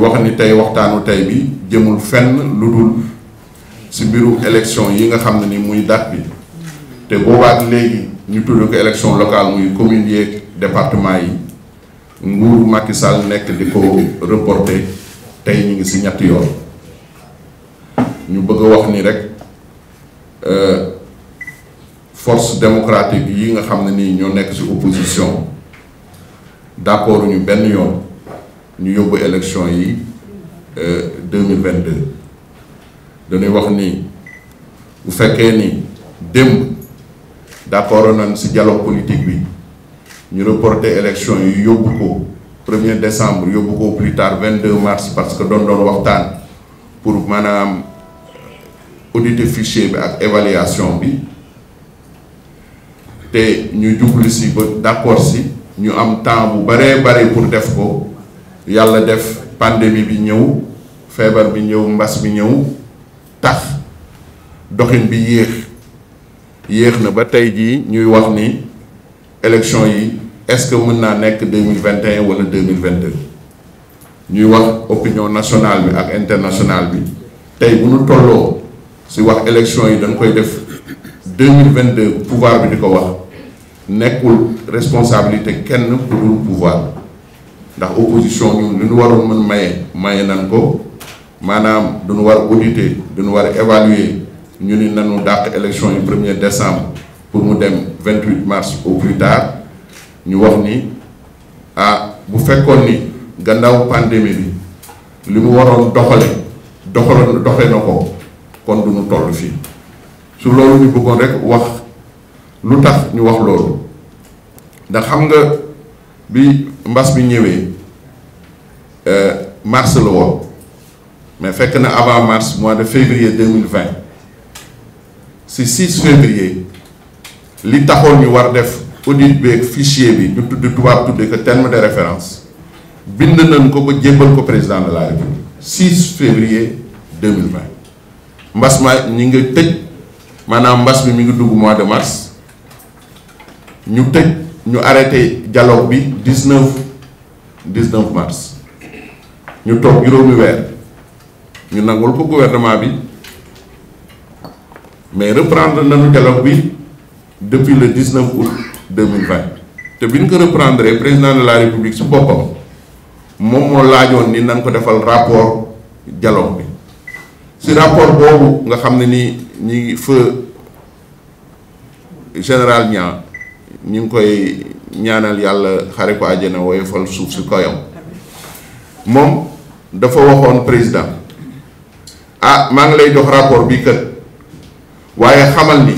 wax ni tey waxtaanu tey bi jëmul fenn lu dul ci biiru élection yi nga xam ne ni muy date bi te boobaat léegi ñu tudd ko élection locale muy commune yeeg yi nguur Macky Sall nekk di ko reporté tey ñu ngi si ñetti yoon ñu bëgg a wax ni rek euh, force démocratique yi nga xam ne nii ñoo nekk si opposition d'accord ñu benn yoon ñu yóbbu élection yi euh, deux mille dañuy wax ni bu fekkee ni démb d'accord nañ ci dialogue politique bi ñu reporter élection yi yóbbu ko premier décembre yóbbu ko plus tard vingt deux mars parce que doon doon waxtaan pour maanaam auditer fichier bi ak évaluation bi te ñu jublu ci ba d'accord ci ñu am temps bu baree bare pour def ko. yàlla def pandémie bi ñëw feebar bi ñëw mbas bi ñëw tax doxin bi yéex yéex na ba tey jii ñuy wax ni élection yi est-ce que mën naa nekk deux mille vingt un wala deux mille vingt deux ñuy wax opinion nationale bi ak internationale bi tey bu ñu tolloo si wax élection yi dañ koy def deux mille vingt deux pouvoir bi di ko wax nekkul responsabilité kenn ku pouvoir. ndax opposition ñun lu nu waroon mën maye maye nan ko maanaam du ñu war auditer du ñu war évaluer ñu ni nanu dàq élection yi premier décembre pour mu dem 28 mars au plus ñu wax nii ah bu fekkoon ni gannaaw pandémie bi li mu waroon doxale doxale doxe na ko kon du ñu toll fii su loolu ñu bëggoon rek wax lu tax ñu wax loolu ndax xam nga bi mbas bi ñëwee euh, mars la woon mais fekk na avant mars mois de février deux mille vingt si 6 février li taxoon ñu war def audit beeg fichier bi ñu tudd tubaab tudde ko terme de référence bind nañ ko ba jébbal ko président de la république 6 février mbas ma ñu ngi tëj maanaam mbas bi mi ngi dugg mois de mars ñu tëj. ñu arrêté dialogue bi 19 19 mars ñu toog juróomi weer ñu nangul ko gouvernement bi mais reprendre nañu dialogue bi depuis le 19 août 2020 te bi ñu ko reprendre président de la république su boppam moom moo laajoon ni nan ko defal rapport dialogue bi si rapport boobu nga xam ne ni ñi feu général Niang ñu ngi koy ñaanal yàlla xare ko àjjana woyofal suuf si koyam moom dafa waxoon président ah maa ngi lay dox rapport bi kat waaye xamal ni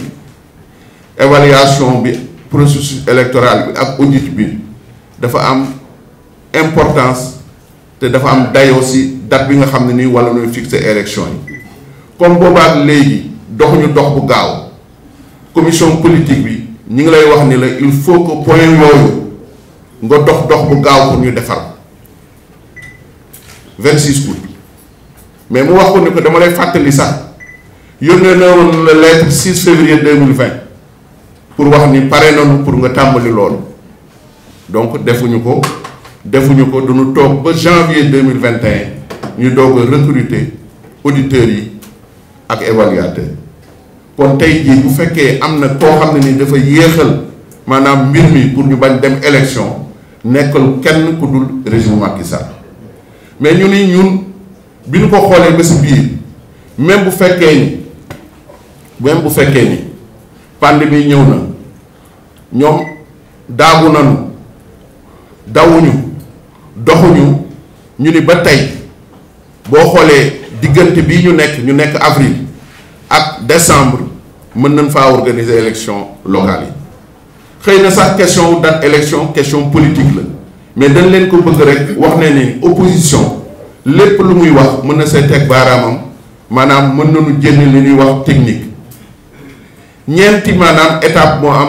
évaluation bi processus électoral bi ak audit bi dafa am importance te dafa am dayoo si date bi nga xam ne nii wala ñuy fixer élection yi comme boobaak léegi doxuñu dox bu gaaw commission politique bi ñu ngi lay wax ni la il faut que point yooyu nga dox dox bu gaaw pour ñu defar vingt six août mais mu wax ko ni ko dama lay fàttali sax yónnee na woon la lettre 6 février 2020 pour wax ni pare nañu pour nga tàmbali loolu donc defuñu ko defuñu ko duñu toog ba janvier 2021 ñu doog a recruter auditeurs yi ak évaluateurs kon tey jii bu fekkee am na koo xam ne ni dafa yéexal maanaam mbir mi pour ñu bañ dem élection nekkal kenn ku dul régime Macky Sall mais ñu ni ñun bi ñu ko xoolee ba si biir même bu fekkee ni même bu fekkee ni pandémie ñëw na ñoom daagu nañu dawuñu doxuñu ñu ni ba tey boo xoolee diggante bii ñu nekk ñu nekk avril décembre mën nañ faa organiser élection locale yi xëy na sax question wu date élection question politique la mais dañ leen ko bëgg rek wax ne ni opposition lépp lu muy wax mën na see teg baaraamam maanaam mën nañu jënd li ñuy wax technique ñeenti maanaam étape moo am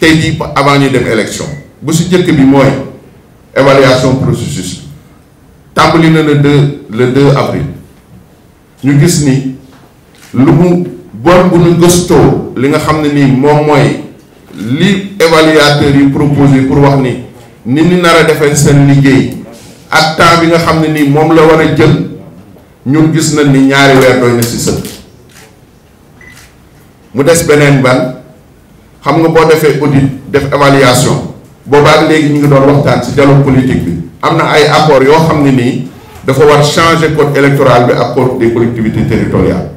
tey jii avant ñu dem élection bu si njëkk bi mooy évaluation processus tàmbali na le 2 le 2 avril ñu gis ni lu mu bon bu ñu gëstoo li nga xam ne nii moom mooy li évaluateurs yi proposé pour wax ni ni ñi nar a defee seen liggéey ak temps bi nga xam ne nii moom la war a jël ñun gis nañ ni ñaari weer doy na si sët mu des beneen ban xam nga boo defee audit def évaluation boobaak léegi ñu ngi doon waxtaan si dialogue politique bi am na ay accords yoo xam ne nii dafa war changer code électoral bi ak code des collectivités territoriales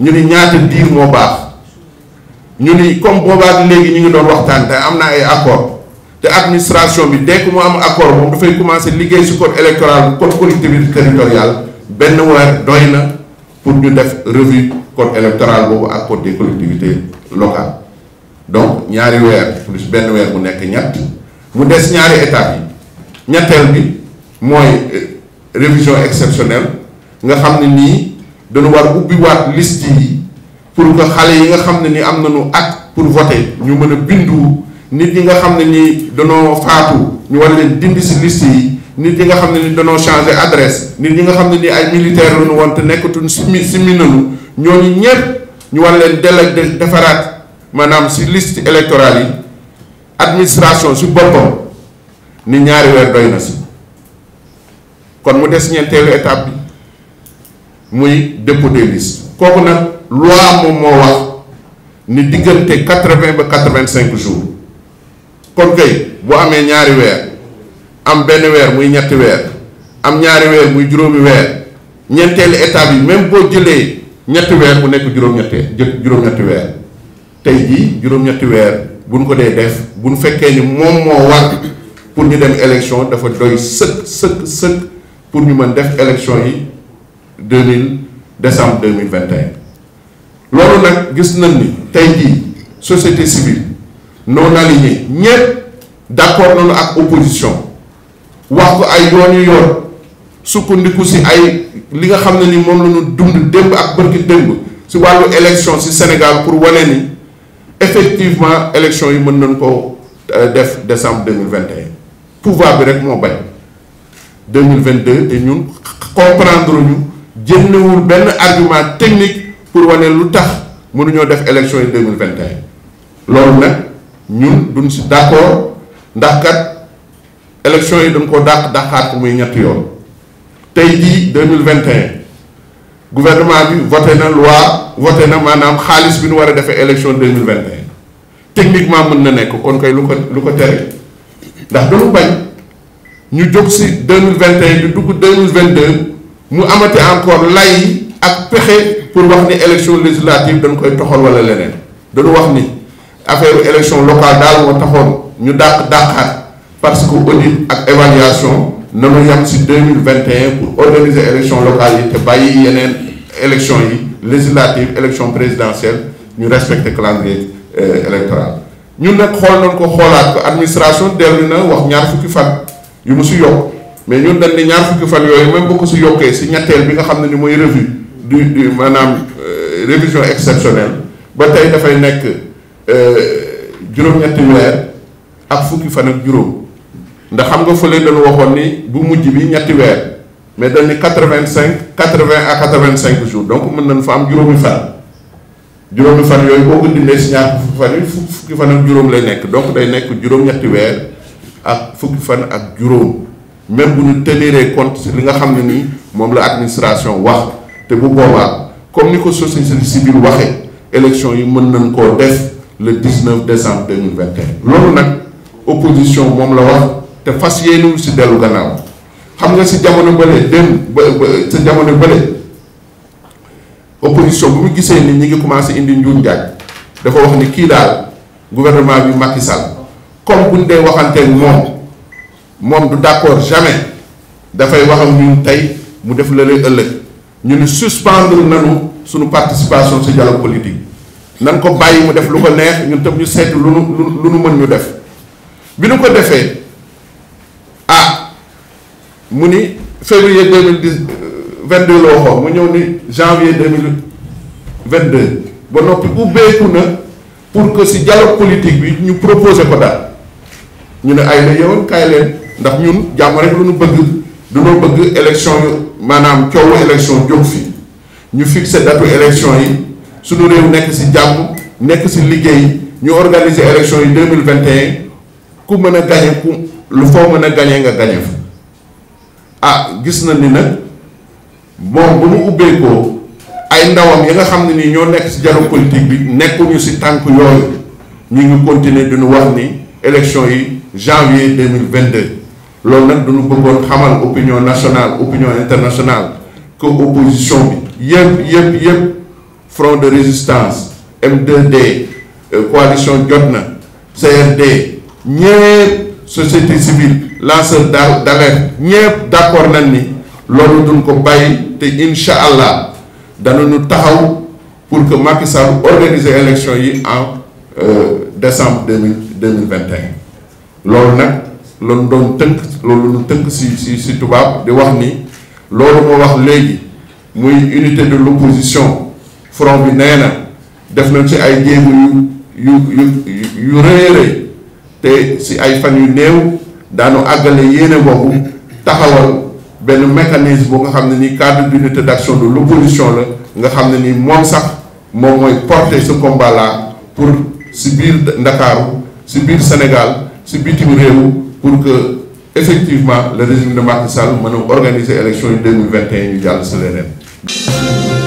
ñu ni ñaata diir moo baax ñu ni comme boobaak léegi ñu ngi doon waxtaan te am na ay accord te administration bi dès que mu am accord moom dafay commencer liggéey si code électoral code collectivité territoriale benn weer doy na pour ñu def revue code électoral boobu ak code des collectivités locales donc ñaari weer plus benn weer mu nekk ñett mu des ñaari étapes yi ñetteel bi mooy euh, révision exceptionnelle nga xam ne nii danu war ubbiwaat liste yi pour que xale yi nga xam ne ni am na nañu at pour voter ñu mën a bindu nit ñi nga xam ne ni danoo faatu ñu war leen dindi si liste yi nit ñi nga xam ne ni danoo changer adresse nit ñi nga xam ne ni ay militaire wante woon te nekkatuñ simi simi nañu ñooñu ñëpp ñu war leen dellu defaraat maanaam si liste électorale yi administration si boppam ni ñaari weer doy na si kon mu des ñeenteelu étape bi muy dépôt des listes kooku nag loi moom moo wax ni diggante quatre-vingt ba quatre-vingt-cinq jours kon kay bu amee ñaari weer am benn weer muy ñetti weer am ñaari weer muy juróomi weer ñeenteelu étape yi même boo jëlee ñetti weer bu nekk juróom-ñettee juróom-ñetti weer tey jii juróom-ñetti weer bu ñu ko dee def bu ñu fekkee ni moom moo war pour ñu dem élection dafa doy sëkk sëkk sëkk pour ñu mën def élection yi. deux mille décembre deux mille vingt et un loolu nag gis nañ ni tey jii société civile non alignée ñëpp d'accord nañu ak opposition wax ko ay yoon yu yoon sukkandiku si ay li nga xam ne ni moom la ñu dund démb ak bërki démb si wàllu élection si Sénégal pour wane ni effectivement élection yi mën nañ ko euh, def décembre deux mille vingt et pouvoir bi rek moo bañ deux vingt deux te ñun comprendre ñu. génnewul benn argument technique pour wane lu tax mënuñoo def élection yi 2021 loolu nag ñun duñ si d'accord ndax kat élection yi dañ ko dàq dàqaat ko muy ñetti yoon tey jii 2021 gouvernement bi voté na loi voté na maanaam xaalis bi nu war a defee élection 2021 techniquement mën na nekk kon kay lu ko lu ko tere ndax dañu bañ ñu jóg si 2021 di dugg 2022 mu amati encore lay ak pexe pour wax ni élection législative dañ koy toxal wala leneen dañu wax ni affaire élection locale daal moo taxoon ñu dàq dàqaat parce que audit ak évaluation na mu yam si deux mille vingt et un pour organiser élection locale yi te bàyyi yeneen élection yi législative élection présidentielle ñu respecter calendrier euh, électoral ñun nag xool nañ ko xoolaat ko administration dellu na wax ñaar fukki fan yu mu si yokk mais ñun dañ ne ñaar fukki fan yooyu même bu ko si yokkee si ñetteel bi nga xam ne ni mooy revue du du maanaam euh, révision exceptionnelle ba tey dafay nekk euh, juróom-ñetti weer ak fukki fan ak ndax xam nga fële dañu waxoon ni bu mujj bi ñetti weer mais dañ ni quatre-vingt-cinq quatre-vingts à quatre cinq jours donc mën nañ fa am juróomi fan juróomi fan yooyu boo ko dindee si ñaar fan fukki fan ak juróom lay nekk donc day nekk juróom-ñetti weer ak fukki fan ak juróom même bu ñu teniree compte si li nga xam ne nii moom la administration wax te bu boobaa comme ni ko si civile waxee élection yi mën nañ koo def le 19 décembre 2021 loolu nag opposition moom la wax te fas yéenuñu si dellu gannaaw xam nga si jamono bële démb ba ba sa jamono bële opposition bu mu gisee ni ñi ngi commencé indi njuuñ njaaj dafa wax ni kii daal gouvernement bi Macky Sall comme buñ dee waxanteeg moom moom du d'accord jamais dafay wax ak ñun tey mu def la lay ëllëg ñu ni suspendre nañu suñu participation ci dialogue politique nan ko bàyyi mu def lu ko neex ñun tam ñu seet lu nu lu nu mën ñu def bi nu ko defee ah mu ni février deux mille dix euh, vingt deux la waxoon mu ñëw ni janvier deux mille vingt deux ba noppi ubbeeku na pour que ci dialogue politique bi ñu proposé ko daal ñu ne ay la yowoon kaay leen ndax ñun jàmm rek lu ñu bëgg dañoo bëgg élection yu maanaam coowu élection jóg fi ñu fixé datu élection yi suñu réew nekk si jàmm nekk si liggéey ñu organiser élection yi deux mille vingt et un ku mën a gañe ku lu foo mën a gañee nga gañe fa ah gis na ni nag moom bu mu ubbeekoo ay ndawam yi nga xam ne nii ñoo nekk si jaru politique bi nekkuñu si tànk yooyu ñu ngi continuer di wax ni élection yi janvier deux mille vingt loolu nag du ñu bëggoon xamal opinion nationale opinion internationale que opposition bi yëpp yëpp yëpp front de résistance M2D euh, coalition Jotna CRD ñëpp société civile lanceur d'alerte ñëpp d'accord nañ ni loolu duñ ko bàyyi te incha allah danañu taxaw pour que Macky Sall organise yi en euh, décembre deux mille deux mille vingt loolu nag. loolu doon tënk loolu nu tënk si si si tubaab di wax ni loolu moo wax léegi muy unité de l'opposition front bi nee na def na ci ay jéego yu yu yu yu réere te si ay fan yu néew daanu àggale yéene boobu taxawal benn mécanisme bu nga xam ne ni cadre d'unité d'action de l'opposition la nga xam ne ni moom sax moom mooy porter ce combat pour si biir Ndakaaru si biir Sénégal si bitim réew pour que effectivement le régime de Macky Sall mën a organiser élection yi 2021 ñu jàll sa leneen